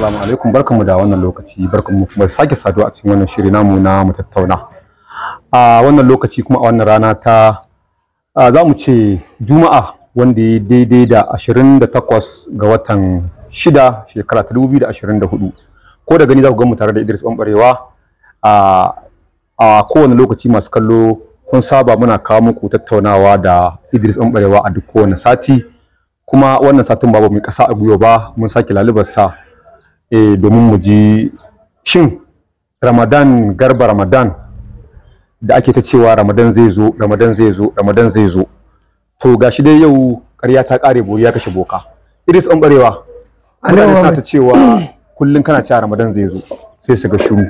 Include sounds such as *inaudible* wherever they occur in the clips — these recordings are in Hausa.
Assalamu alaikum barkanmu da wannan lokaci barkanmu kuma sake saduwa a cikin wannan shiri namu na mu tattauna. A wannan lokaci kuma a wannan rana ta za mu ce Juma'a wanda ya daidai da 28 ga watan 6 shekara ta 2024. Ko da gani za ku ga mu tare da Idris Bambarewa a a kowane lokaci masu kallo kun saba muna kawo muku tattaunawa da Idris Bambarewa a duk kowane sati. kuma wannan satin babu mai kasa a guyo ba mun sake lalubarsa eh domin mu ji shin Ramadan garba Ramadan da ake ta cewa Ramadan zai zo Ramadan zai zo Ramadan zai zo to gashi dai yau ƙarya ta ƙare bori ya kashe boka Idris an barewa mutane sa ta cewa kullun kana cewa Ramadan zai zo sai su ga shiru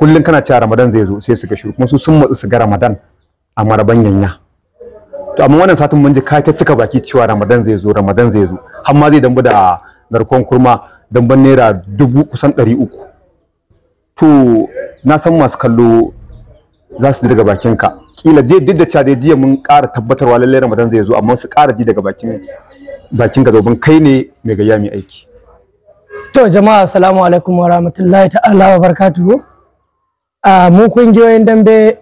kullun kana cewa Ramadan zai zo sai su ga shiru kuma su sun matsu su ga Ramadan a maraban yanya to amma wannan satin mun ji ka ta cika baki cewa Ramadan zai zo Ramadan zai zo har ma zai dambu da garkon kurma damban naira dubu kusan ɗari uku to na san masu kallo za su ji daga bakin ka kila duk da cewa jiya mun ƙara tabbatarwa lallai ramadan zai zo amma su ƙara ji daga bakin bakin ka domin kai ne mai gayya mai aiki to jama'a assalamu alaikum wa rahmatullahi ta'ala wa barakatuhu a mu kungiyoyin dambe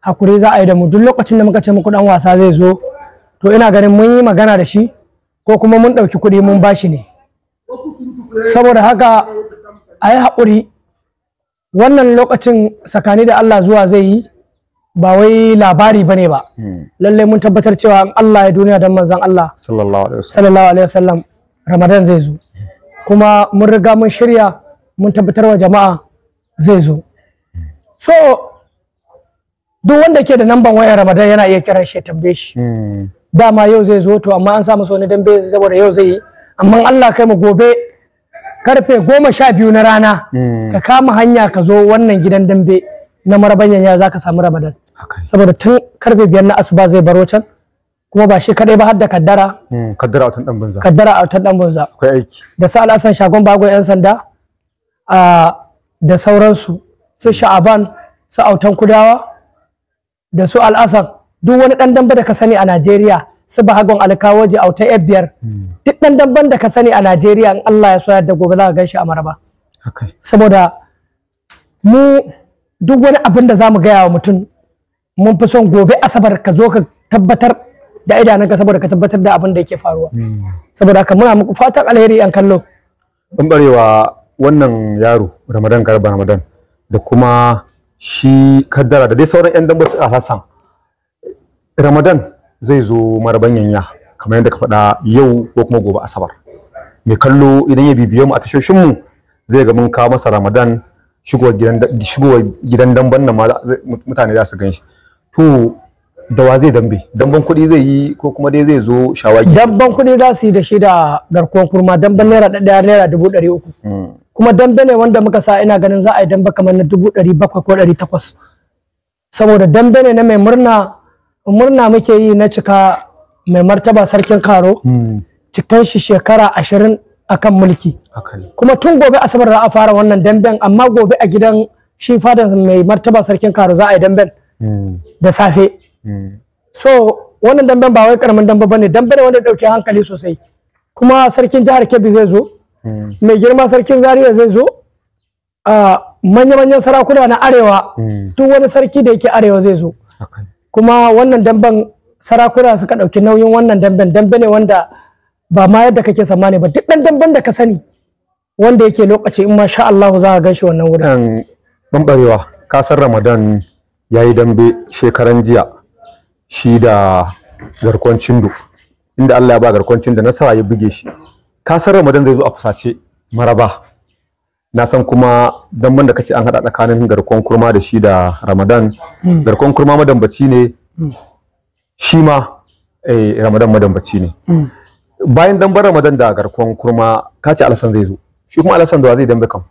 hakuri za a yi da mu duk lokacin da muka ce muku dan wasa zai zo to ina ganin mun yi magana da shi ko kuma mun ɗauki kuɗi mun bashi ne saboda haka a yi haƙuri wannan lokacin tsakani da Allah zuwa zai yi ba wai labari ba ne ba hmm. lallai mun tabbatar cewa Allah ya duniya don manzan Allah sallallahu alaihi wasallam ramadan zai zo kuma mun riga mun shirya mun tabbatar wa jama'a zai zo so duk wanda ke da namban wayar ramadan yana iya kiran shi tambaye shi hmm. dama yau zai zo to amma an samu so ne dambe saboda yau zai yi amma Allah kai mu gobe karfe goma sha biyu na rana hmm. ka kama hanya ka zo wannan gidan dambe na marabanyan ya za ka samu ramadan saboda tun karfe biyar na asuba zai baro can kuma ba shi kadai ba har kaddara hmm, kaddara a wutan dan banza kaddara a dan banza akwai aiki da sa al'asan shagon bagon yan sanda da sauransu su sha'aban su autan kudawa da su al'asan duk wani dan dambe da ka sani a najeriya su hagon alkawoji a wata biyar hmm. duk dan damban da ka sani a Najeriya in Allah ya so da gobe za ka gan shi a maraba saboda mu duk wani abin da zamu gaya wa mutum mun fi son gobe asabar ka zo ka tabbatar da idanunka saboda ka tabbatar da abin da yake faruwa hmm. saboda haka muna muku fatan alheri yan kallo barewa wannan yaro Ramadan Garba Ramadan da kuma shi kaddara da dai sauran yan dambe su a Hassan Ramadan zai zo mara banyanya. kamar yadda ka faɗa yau ko kuma gobe asabar mai kallo idan ya bibiye mu a tashoshin mu zai ga mun kawo masa ramadan shigowar gidan damban nan ma mutane za su gan shi to da wa zai dambe damban kuɗi zai yi ko kuma dai zai zo shawagi damban kuɗi za su yi da shi da garkuwar kurma damban naira ɗaya naira dubu ɗari uku hmm. kuma dambe ne wanda muka sa ina ganin za a yi dambe kamar na dubu ɗari bakwai ko ɗari takwas saboda dambe ne na mai murna murna muke yi na cika mai martaba sarkin karo hmm. cikin shi shekara ashirin akan mulki kuma tun gobe asabar za a fara wannan damben amma gobe a gidan shi fadan mai martaba sarkin karo za a yi damben hmm. da safe hmm. so wannan damben ba wai karamin dambe bane damben wanda dauke hankali sosai kuma sarkin jihar kebbi zai zo mai girma sarkin Zariya zai zo ah, manya-manyan sarakuna na arewa duk wani sarki da yake arewa zai zo kuma wannan damben sarakuna suka ɗauki nauyin wannan damben dambe ne wanda ba ma yadda kake tsammani ba duk ɗan damben da ka sani wanda yake lokaci in ma sha Allah za ka ganshi wannan wurin. Ɓamɓarewa kasar Ramadan ya yi dambe shekaran jiya shi da garkon cindo inda Allah ya ba garkon cindo nasara ya buge shi kasar Ramadan zai zo a fusace maraba na san kuma damban da kace an hada tsakanin garkon kurma da shi da ramadan mm. garkon kurma madambaci ne mm. shi ma eh, ramadan madambaci ne mm. bayan damban ramadan da garkon kurma kace alasan zai zo shi kuma alasan da zai dambe kam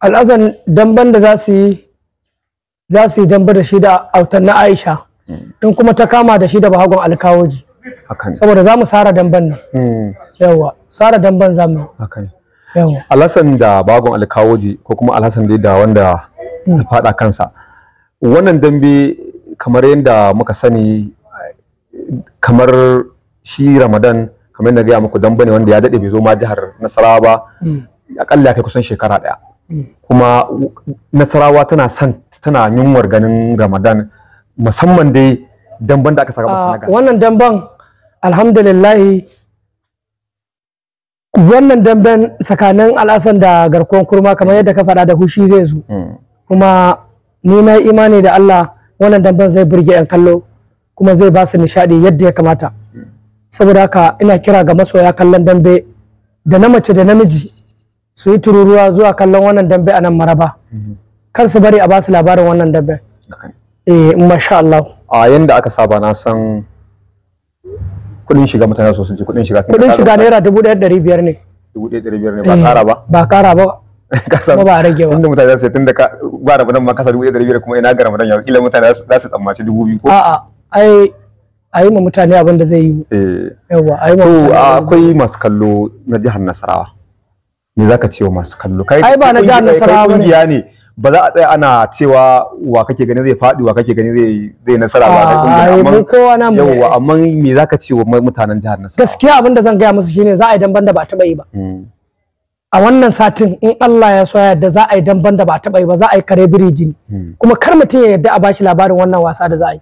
al'azan damban da za su yi za su yi da shi da autan na aisha in kuma ta kama da shi da bahagon alkawoji saboda za mu sara damban nan yawa sara damban za mu yi alhassan da bagon alkawoji ko kuma alhassan da wanda ta hmm. fada kansa wannan dambe kamar yadda muka sani kamar shi ramadan kamar yadda gaya muku dambe ne wanda ya daɗe bai zo ma jihar nasarawa ba hmm. akalla kai kusan shekara ɗaya hmm. kuma nasarawa tana san tana yunwar ganin ramadan musamman dai damban da aka saka masa wannan damban alhamdulillahi wannan damben tsakanin al'asan da garkuwar kurma kamar yadda ka faɗa da hushi zai zo mm. kuma ni na imani da Allah wannan damben zai burge 'yan kallo kuma zai ba su nishaɗi yadda ya kamata mm. saboda haka ina kira ga masoya kallon dambe da na mace da namiji su yi tururuwa zuwa kallon wannan dambe a nan maraba mm-hmm. kar su bari a ba su labarin wannan dambe eh masha Allah a yanda aka saba na san kudin shiga mutane so sun ce kudin shiga kudin shiga naira dubu ɗaya ɗari biyar ne dubu ɗaya ɗari biyar ne ba eh, ƙara ba ba ƙara ba *laughs* kasan ba rage ba inda mutane sai tun da ka ba nan ma kasa dubu ɗaya ɗari biyar kuma ina ga ramadan yau kila mutane za su tsammaci dubu biyu ko a'a ai a yi ma mutane abin da zai yi eh. yawa a yi ma mutane akwai masu kallo na jihar nasarawa me zaka ce wa masu kallo kai ai ba na jihar nasarawa ne ba za a tsaya ana cewa wa kake gani zai faɗi wa kake gani zai nasara ba kowa na mu yawa amma me za ka ce wa mutanen jihar nasara. gaskiya abinda zan gaya musu shine za a yi damban da ba taɓa yi ba hmm. a wannan satin in Allah ya so yadda za a yi damban da ba taɓa yi ba za a yi kare biriji ne hmm. kuma kar mutum ya yadda a bashi labarin wannan wasa da za a yi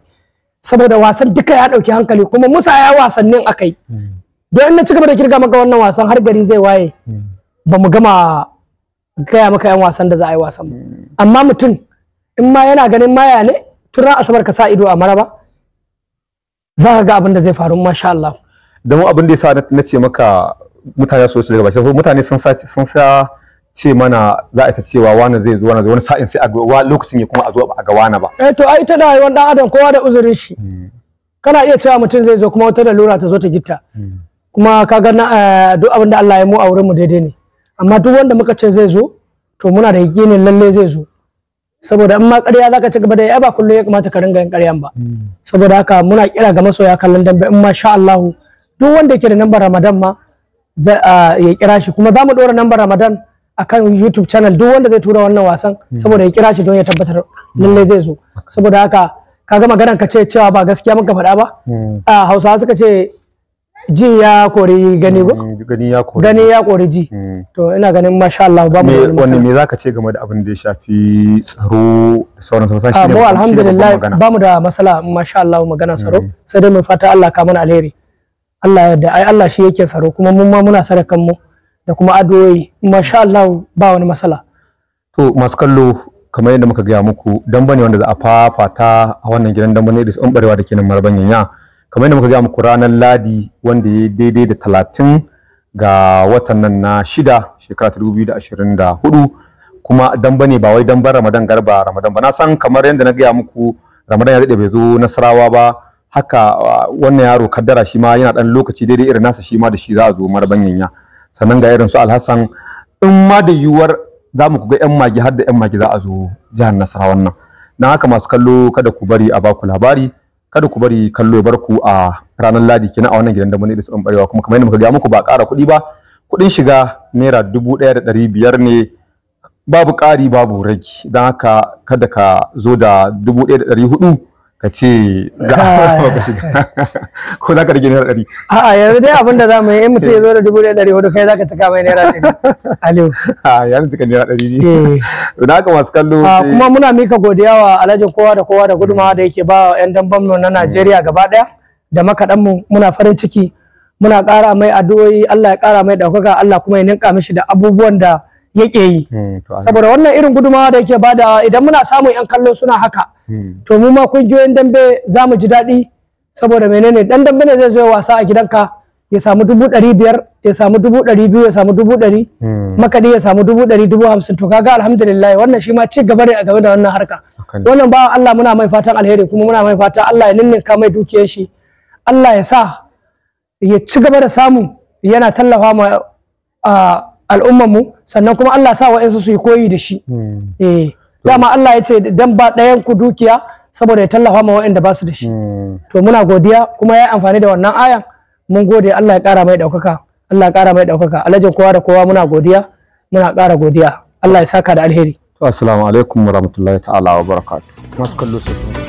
saboda wasan duka ya ɗauki hankali kuma musa ya wasannin akai hmm. don in na cigaba da kirga maka wannan wasan har gari zai waye ba mu gama gaya maka yan wasan da za a yi wasan amma mutum in ma yana ganin maya ne tun ran asabar ka sa ido a maraba za ka ga abin da zai faru masha Allah da mu abin da yasa na ce maka mutane su daga bashi mutane sun sa sun sa ce mana za a ta cewa wani zai zo wani wani sa'in sai a ga lokacin ya kuma a zo ba a ga wani ba eh to ai ta da wani dan adam kowa da uzurin shi hmm. kana iya cewa mutum zai zo kuma wata da lura ta zo ta gitta hmm. kuma kaga eh, duk abin da Allah ya mu a wurin mu daidai ne amma duk wanda muka ce zai zo to muna da ne lalle zai zo saboda in ma ƙarya zaka ci gaba da ya ba kullum ya kamata ka ringa yin ƙaryan ba hmm. saboda haka muna kira ga masoya kallon dambe in ma sha Allahu duk wanda yake da nambar Ramadan ma ya kira shi kuma za mu ɗora nambar Ramadan akan YouTube channel duk wanda zai tura wannan wasan hmm. saboda ya kira shi don ya tabbatar lalle zai zo saboda haka kaga maganar ka ce cewa ba gaskiya muka faɗa ba hmm. a Hausawa suka ce ji ya kori gani ba mm, gani ya kori gani ya kori ji mm. to ina ganin masha Allah ba mu wani me zaka ce game da abin da ya shafi tsaro da sauran sauran shi ah, ne mu alhamdulillah ba mu da masala masha Allah magana tsaro mm. sai dai mu fata Allah ka mana alheri Allah da ai Allah shi yake tsaro kuma mun ma muna sadakan mu da kuma adoyi masha Allah ba wani masala to masu kallo kamar yadda muka gaya muku bane wanda za a fafata a wannan gidan bane da sun barewa da kenan marban yanya kamar yadda muka gaya muku ranar ladi wanda ya daidai da talatin ga watan nan na shida shekara ta dubu da ashirin da hudu kuma dan ne ba wai damban ramadan garba ramadan ba na san kamar yadda na gaya muku ramadan ya daɗe bai zo nasarawa ba haka uh, wannan yaro kaddara shi ma yana dan lokaci daidai irin nasa shi ma da shi za a zo marbanyanya sannan ga irin su alhassan in ma da yiwuwar za mu ga yan magi har da yan magi za a zo jihar nasarawa wannan na haka masu kallo kada ku bari a baku labari kada ku bari kallo ya barku a ranar ladi kenan a wannan gidan da mun da sun barewa kuma kamar yadda muka ga muku ba ƙara kuɗi ba kuɗin shiga naira dubu ɗaya da ɗari biyar ne babu ƙari babu rage don haka kada ka zo da dubu ɗaya da ɗari hudu ka ce ga *laughs* ka shiga *laughs* *laughs* ko za ka rage naira ɗari a'a yanzu dai abin da za mu yi in mutum ya zo da dubu ɗaya ɗari hudu kai za ka cika mai naira ɗari aliyu a yanzu cika naira ɗari ne eh. na haka masu kallo kuma muna mika godiya wa alhajin kowa da kowa da gudumawa da yake ba wa 'yan damban na najeriya gaba ɗaya da makaɗanmu muna farin ciki muna ƙara mai addu'o'i allah ya ƙara mai ɗaukaka allah kuma ya ninka mishi da abubuwan da yake yi hmm, saboda wannan irin gudumawa da yake badawa idan muna samun yan kallo suna haka hmm. to mu ma kungiyoyin dambe za mu ji daɗi saboda menene dan dambe ne zai zo wasa a gidanka ya samu dubu ɗari biyar ya samu dubu ɗari biyu ya samu dubu ɗari hmm. makaɗi ya samu dubu ɗari dubu hamsin to kaga alhamdulillah wannan shi ma ci gaba ne a game da wannan harka wannan ba Allah muna mai fatan alheri kuma muna mai fata. Allah ya ninninka mai dukiyar shi Allah ya sa ya ci gaba da samu yana tallafa ma al'ummar mu sannan kuma Allah sa wa'ansu su yi koyi da shi hmm. eh dama Allah ya ce dan ba ɗayan ku dukiya saboda ya tallafa ma wa'anda ba su da shi hmm. to muna godiya kuma ya amfani da wannan aya mun gode Allah ya kara mai ɗaukaka Allah ya ƙara mai ɗaukaka alhajin kowa da kowa muna godiya muna ƙara godiya Allah ya saka da alheri assalamu alaikum warahmatullahi ta'ala wa barakatuh masu